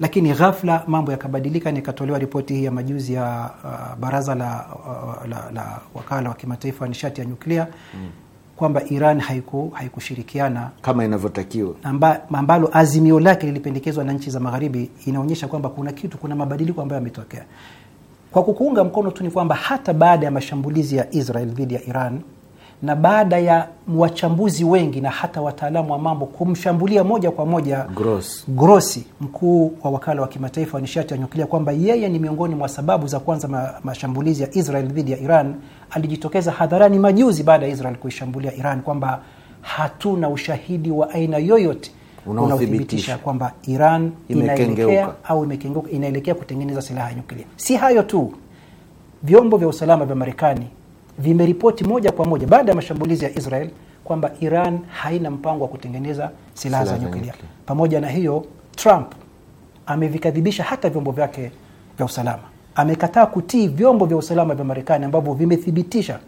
lakini ghafla mambo yakabadilika na ikatolewa ripoti hii ya majuzi ya uh, baraza la, uh, la, la wakala wa kimataifa wa nishati ya nyuklia mm. kwamba Iran haiku haikushirikiana kama inavyotakiwa, ambalo azimio lake lilipendekezwa na nchi za Magharibi. Inaonyesha kwamba kuna kitu, kuna mabadiliko ambayo yametokea. Kwa kukuunga mkono tu ni kwamba hata baada ya mashambulizi ya Israel dhidi ya Iran na baada ya wachambuzi wengi na hata wataalamu wa mambo kumshambulia moja kwa moja Gross, mkuu wa wakala wa kimataifa wa nishati ya nyuklia kwamba yeye ni miongoni mwa sababu za kwanza ma, mashambulizi ya Israel dhidi ya Iran, alijitokeza hadharani majuzi baada ya Israel kuishambulia Iran kwamba hatuna ushahidi wa aina yoyote unaothibitisha kwamba Iran inaelekea au imekengeuka, inaelekea kutengeneza silaha ya nyuklia. Si hayo tu, vyombo vya usalama vya Marekani vimeripoti moja kwa moja baada ya mashambulizi ya Israel kwamba Iran haina mpango wa kutengeneza silaha za nyuklia. Pamoja na hiyo, Trump amevikadhibisha hata vyombo vyake vya usalama, amekataa kutii vyombo vya usalama vya Marekani ambavyo vimethibitisha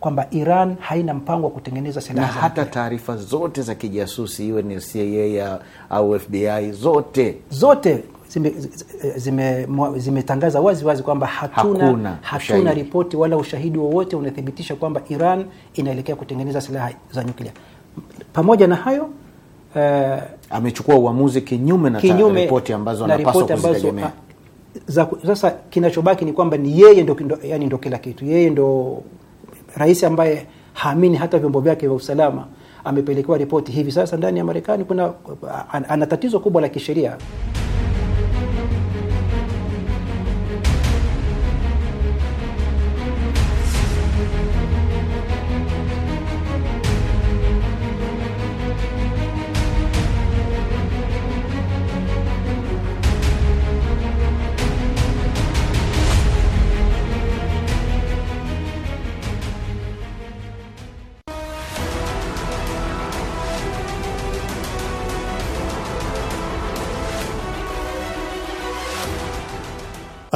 kwamba Iran haina mpango wa kutengeneza silaha, na hata taarifa zote za kijasusi iwe ni CIA au FBI, zote zote zimetangaza zime, zime, wazi wazi kwamba hatuna, Hakuna, hatuna ripoti wala ushahidi wowote unathibitisha kwamba Iran inaelekea kutengeneza silaha za nyuklia. Pamoja na hayo uh, amechukua uamuzi kinyume na kinyume, ripoti ambazo anapaswa kuzitegemea. Sasa kinachobaki ni kwamba ni yeye ndo, ndo, yani ndo kila kitu, yeye ndo rais ambaye haamini hata vyombo vyake vya usalama amepelekewa ripoti hivi sasa ndani ya Marekani kuna ana tatizo kubwa la kisheria.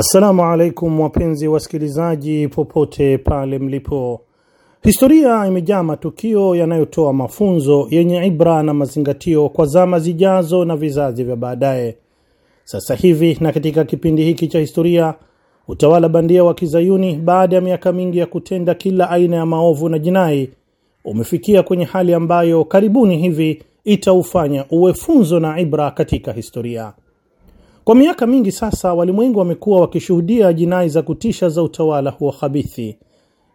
Assalamu alaikum wapenzi wasikilizaji, popote pale mlipo. Historia imejaa matukio yanayotoa mafunzo yenye ibra na mazingatio kwa zama zijazo na vizazi vya baadaye. Sasa hivi na katika kipindi hiki cha historia, utawala bandia wa Kizayuni, baada ya miaka mingi ya kutenda kila aina ya maovu na jinai, umefikia kwenye hali ambayo karibuni hivi itaufanya uwe funzo na ibra katika historia. Kwa miaka mingi sasa, walimwengu wamekuwa wakishuhudia jinai za kutisha za utawala huo khabithi.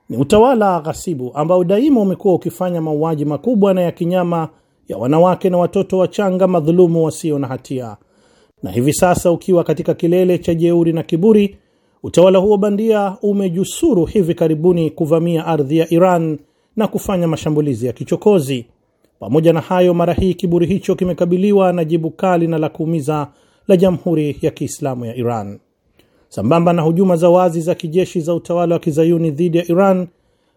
Ni utawala ghasibu ambao daima umekuwa ukifanya mauaji makubwa na ya kinyama ya wanawake na watoto wachanga madhulumu wasio na hatia, na hivi sasa ukiwa katika kilele cha jeuri na kiburi, utawala huo bandia umejusuru hivi karibuni kuvamia ardhi ya Iran na kufanya mashambulizi ya kichokozi. Pamoja na hayo, mara hii kiburi hicho kimekabiliwa na jibu kali na la kuumiza la Jamhuri ya Kiislamu ya Iran. Sambamba na hujuma za wazi za kijeshi za utawala wa kizayuni dhidi ya Iran,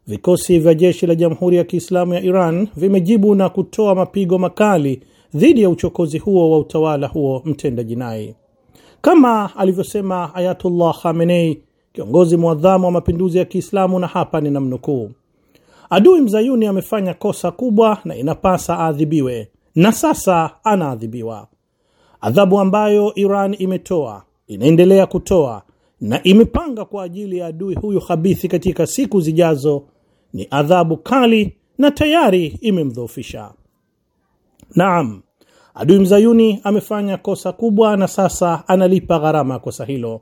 vikosi vya jeshi la Jamhuri ya Kiislamu ya Iran vimejibu na kutoa mapigo makali dhidi ya uchokozi huo wa utawala huo mtenda jinai, kama alivyosema Ayatullah Khamenei, kiongozi mwadhamu wa mapinduzi ya Kiislamu, na hapa ni namnukuu: adui mzayuni amefanya kosa kubwa na inapasa aadhibiwe, na sasa anaadhibiwa. Adhabu ambayo Iran imetoa, inaendelea kutoa na imepanga kwa ajili ya adui huyu khabithi katika siku zijazo ni adhabu kali na tayari imemdhoofisha. Naam, adui mzayuni amefanya kosa kubwa na sasa analipa gharama ya kosa hilo,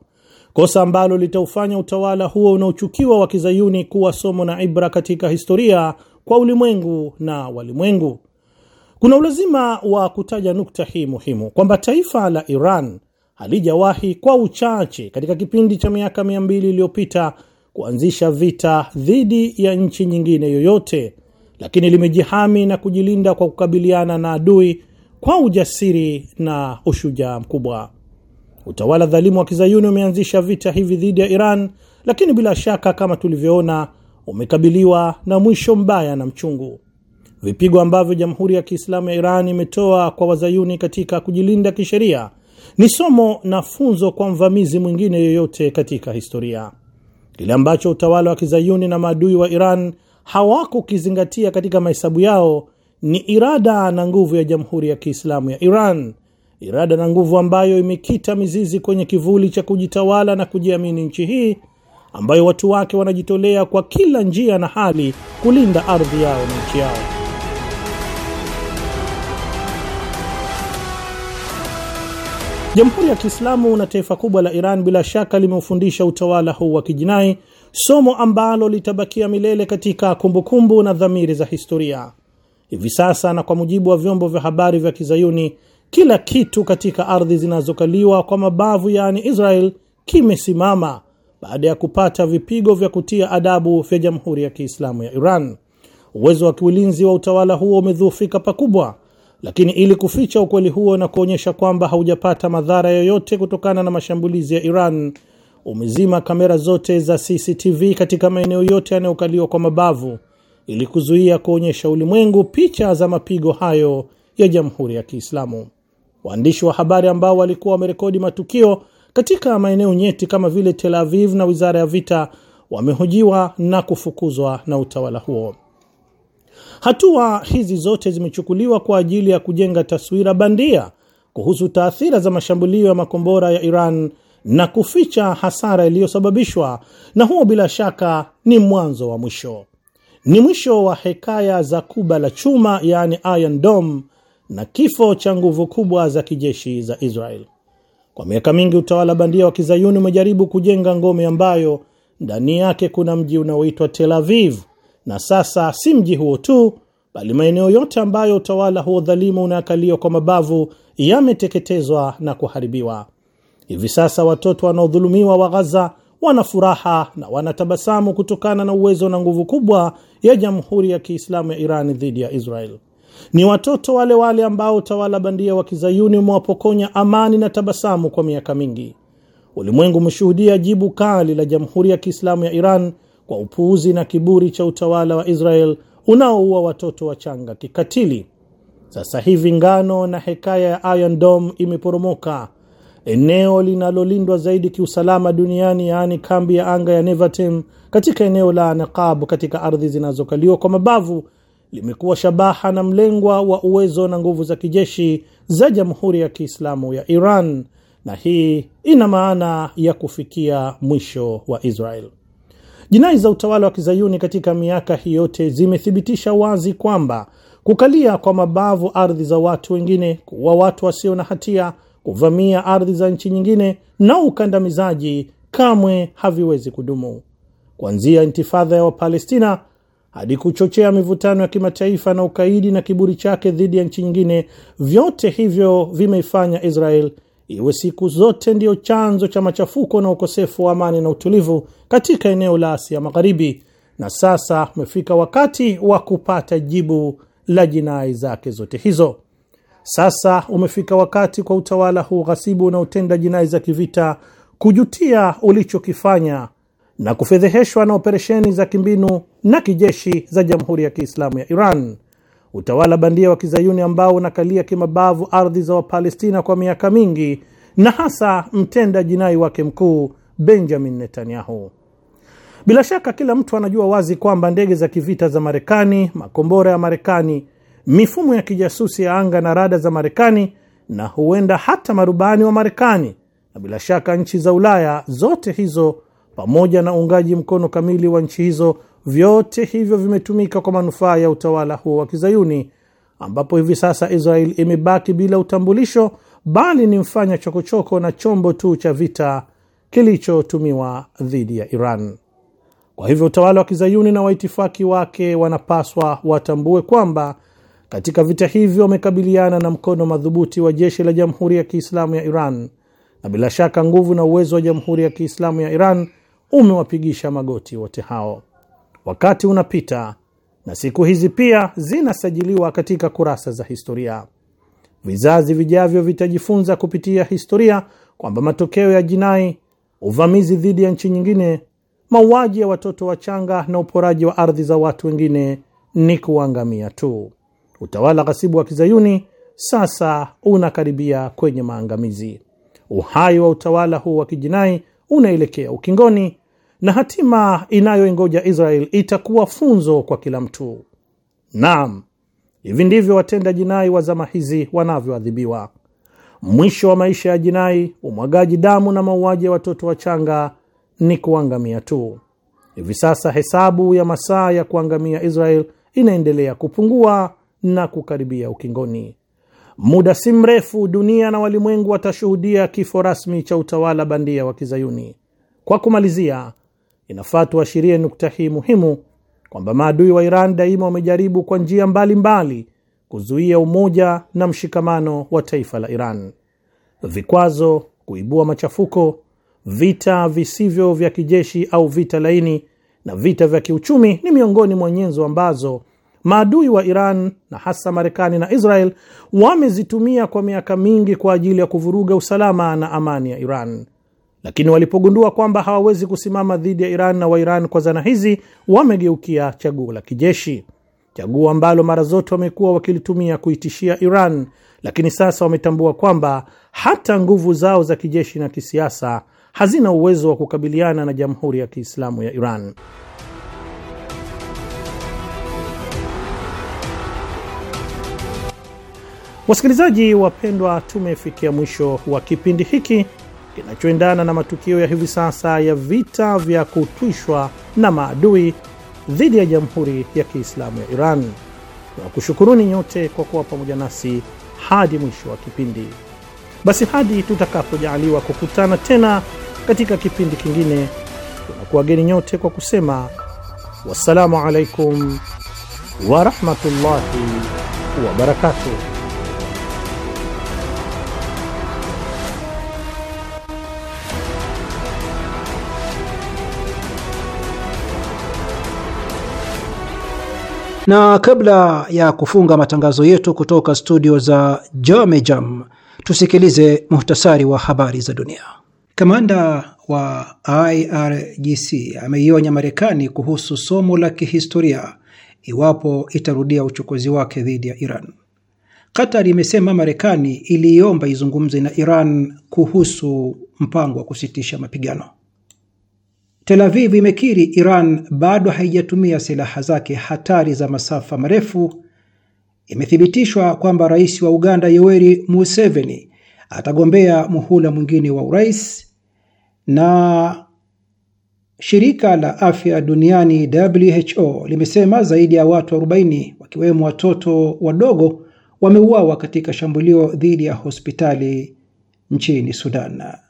kosa ambalo litaufanya utawala huo unaochukiwa wa kizayuni kuwa somo na ibra katika historia kwa ulimwengu na walimwengu. Kuna ulazima wa kutaja nukta hii muhimu kwamba taifa la Iran halijawahi kwa uchache katika kipindi cha miaka mia mbili iliyopita kuanzisha vita dhidi ya nchi nyingine yoyote, lakini limejihami na kujilinda kwa kukabiliana na adui kwa ujasiri na ushujaa mkubwa. Utawala dhalimu wa kizayuni umeanzisha vita hivi dhidi ya Iran, lakini bila shaka, kama tulivyoona, umekabiliwa na mwisho mbaya na mchungu. Vipigo ambavyo Jamhuri ya Kiislamu ya Iran imetoa kwa wazayuni katika kujilinda kisheria ni somo na funzo kwa mvamizi mwingine yoyote katika historia. Kile ambacho utawala wa kizayuni na maadui wa Iran hawakukizingatia katika mahesabu yao ni irada na nguvu ya Jamhuri ya Kiislamu ya Iran, irada na nguvu ambayo imekita mizizi kwenye kivuli cha kujitawala na kujiamini nchi hii ambayo watu wake wanajitolea kwa kila njia na hali kulinda ardhi yao na nchi yao. Jamhuri ya Kiislamu na taifa kubwa la Iran bila shaka limeufundisha utawala huu wa kijinai somo ambalo litabakia milele katika kumbukumbu kumbu na dhamiri za historia. Hivi sasa na kwa mujibu wa vyombo vya habari vya Kizayuni, kila kitu katika ardhi zinazokaliwa kwa mabavu yaani Israel kimesimama baada ya kupata vipigo vya kutia adabu vya Jamhuri ya Kiislamu ya Iran. Uwezo wa kiulinzi wa utawala huo umedhoofika pakubwa lakini ili kuficha ukweli huo na kuonyesha kwamba haujapata madhara yoyote kutokana na mashambulizi ya Iran, umezima kamera zote za CCTV katika maeneo yote yanayokaliwa kwa mabavu ili kuzuia kuonyesha ulimwengu picha za mapigo hayo ya Jamhuri ya Kiislamu. Waandishi wa habari ambao walikuwa wamerekodi matukio katika maeneo nyeti kama vile Tel Aviv na Wizara ya Vita wamehojiwa na kufukuzwa na utawala huo. Hatua hizi zote zimechukuliwa kwa ajili ya kujenga taswira bandia kuhusu taathira za mashambulio ya makombora ya Iran na kuficha hasara iliyosababishwa, na huo bila shaka ni mwanzo wa mwisho, ni mwisho wa hekaya za kuba la chuma, yaani Iron Dome, na kifo cha nguvu kubwa za kijeshi za Israel. Kwa miaka mingi utawala bandia wa kizayuni umejaribu kujenga ngome ambayo ndani yake kuna mji unaoitwa Tel Aviv na sasa si mji huo tu, bali maeneo yote ambayo utawala huo dhalimu unaakaliwa kwa mabavu yameteketezwa na kuharibiwa. Hivi sasa watoto wanaodhulumiwa wa Ghaza wana furaha na wanatabasamu kutokana na uwezo na nguvu kubwa ya Jamhuri ya Kiislamu ya Iran dhidi ya Israel. Ni watoto wale wale ambao utawala bandia wa kizayuni umewapokonya amani na tabasamu kwa miaka mingi. Ulimwengu umeshuhudia jibu kali la Jamhuri ya Kiislamu ya Iran kwa upuuzi na kiburi cha utawala wa Israel unaoua watoto wachanga kikatili. Sasa hivi ngano na hekaya ya Iron Dome imeporomoka. Eneo linalolindwa zaidi kiusalama duniani, yaani kambi ya anga ya Nevatim katika eneo la Naqab katika ardhi zinazokaliwa kwa mabavu limekuwa shabaha na mlengwa wa uwezo na nguvu za kijeshi za Jamhuri ya Kiislamu ya Iran, na hii ina maana ya kufikia mwisho wa Israel. Jinai za utawala wa kizayuni katika miaka hii yote zimethibitisha wazi kwamba kukalia kwa mabavu ardhi za watu wengine, kuwa watu wasio na hatia, kuvamia ardhi za nchi nyingine na ukandamizaji kamwe haviwezi kudumu. Kuanzia intifadha ya Wapalestina hadi kuchochea mivutano ya kimataifa na ukaidi na kiburi chake dhidi ya nchi nyingine, vyote hivyo vimeifanya Israel iwe siku zote ndiyo chanzo cha machafuko na ukosefu wa amani na utulivu katika eneo la Asia Magharibi, na sasa umefika wakati wa kupata jibu la jinai zake zote hizo. Sasa umefika wakati kwa utawala huu ghasibu unaotenda jinai za kivita kujutia ulichokifanya na kufedheheshwa na operesheni za kimbinu na kijeshi za Jamhuri ya Kiislamu ya Iran utawala bandia wa kizayuni ambao unakalia kimabavu ardhi za Wapalestina kwa miaka mingi na hasa mtenda jinai wake mkuu Benjamin Netanyahu. Bila shaka kila mtu anajua wazi kwamba ndege za kivita za Marekani, makombora ya Marekani, mifumo ya kijasusi ya anga na rada za Marekani na huenda hata marubani wa Marekani na bila shaka nchi za Ulaya, zote hizo pamoja na uungaji mkono kamili wa nchi hizo vyote hivyo vimetumika kwa manufaa ya utawala huo wa Kizayuni, ambapo hivi sasa israel imebaki bila utambulisho, bali ni mfanya chokochoko na chombo tu cha vita kilichotumiwa dhidi ya Iran. Kwa hivyo utawala wa Kizayuni na waitifaki wake wanapaswa watambue kwamba katika vita hivyo wamekabiliana na mkono madhubuti wa jeshi la Jamhuri ya Kiislamu ya Iran, na bila shaka nguvu na uwezo wa Jamhuri ya Kiislamu ya Iran umewapigisha magoti wote hao wakati unapita na siku hizi pia zinasajiliwa katika kurasa za historia. Vizazi vijavyo vitajifunza kupitia historia kwamba matokeo ya jinai, uvamizi dhidi ya nchi nyingine, mauaji ya watoto wachanga na uporaji wa ardhi za watu wengine ni kuangamia tu. Utawala ghasibu wa kizayuni sasa unakaribia kwenye maangamizi. Uhai wa utawala huu wa kijinai unaelekea ukingoni na hatima inayoingoja Israel itakuwa funzo kwa kila mtu. Naam, hivi ndivyo watenda jinai wa zama hizi wanavyoadhibiwa. Mwisho wa maisha ya jinai, umwagaji damu na mauaji ya watoto wachanga ni kuangamia tu. Hivi sasa hesabu ya masaa ya kuangamia Israel inaendelea kupungua na kukaribia ukingoni. Muda si mrefu, dunia na walimwengu watashuhudia kifo rasmi cha utawala bandia wa Kizayuni. Kwa kumalizia, Inafaa tuashirie nukta hii muhimu kwamba maadui wa Iran daima wamejaribu kwa njia mbalimbali mbali kuzuia umoja na mshikamano wa taifa la Iran. Vikwazo, kuibua machafuko, vita visivyo vya kijeshi au vita laini na vita vya kiuchumi ni miongoni mwa nyenzo ambazo maadui wa Iran na hasa Marekani na Israel wamezitumia kwa miaka mingi kwa ajili ya kuvuruga usalama na amani ya Iran lakini walipogundua kwamba hawawezi kusimama dhidi ya Iran na Wairan kwa zana hizi, wamegeukia chaguo la kijeshi, chaguo ambalo mara zote wamekuwa wakilitumia kuitishia Iran, lakini sasa wametambua kwamba hata nguvu zao za kijeshi na kisiasa hazina uwezo wa kukabiliana na Jamhuri ya Kiislamu ya Iran. Wasikilizaji wapendwa, tumefikia mwisho wa kipindi hiki kinachoendana na matukio ya hivi sasa ya vita vya kutwishwa na maadui dhidi ya Jamhuri ya Kiislamu ya Iran. Tunakushukuruni nyote kwa kuwa pamoja nasi hadi mwisho wa kipindi. Basi hadi tutakapojaaliwa kukutana tena katika kipindi kingine, tunakuwageni nyote kwa kusema wassalamu alaikum warahmatullahi wabarakatuh. Na kabla ya kufunga matangazo yetu kutoka studio za Jamejam, tusikilize muhtasari wa habari za dunia. Kamanda wa IRGC ameionya Marekani kuhusu somo la kihistoria iwapo itarudia uchokozi wake dhidi ya Iran. Qatar imesema Marekani iliiomba izungumze na Iran kuhusu mpango wa kusitisha mapigano. Tel Aviv imekiri Iran bado haijatumia silaha zake hatari za masafa marefu. Imethibitishwa kwamba rais wa Uganda Yoweri Museveni atagombea muhula mwingine wa urais, na shirika la afya duniani WHO limesema zaidi ya watu 40 wakiwemo watoto wadogo wameuawa katika shambulio dhidi ya hospitali nchini Sudan.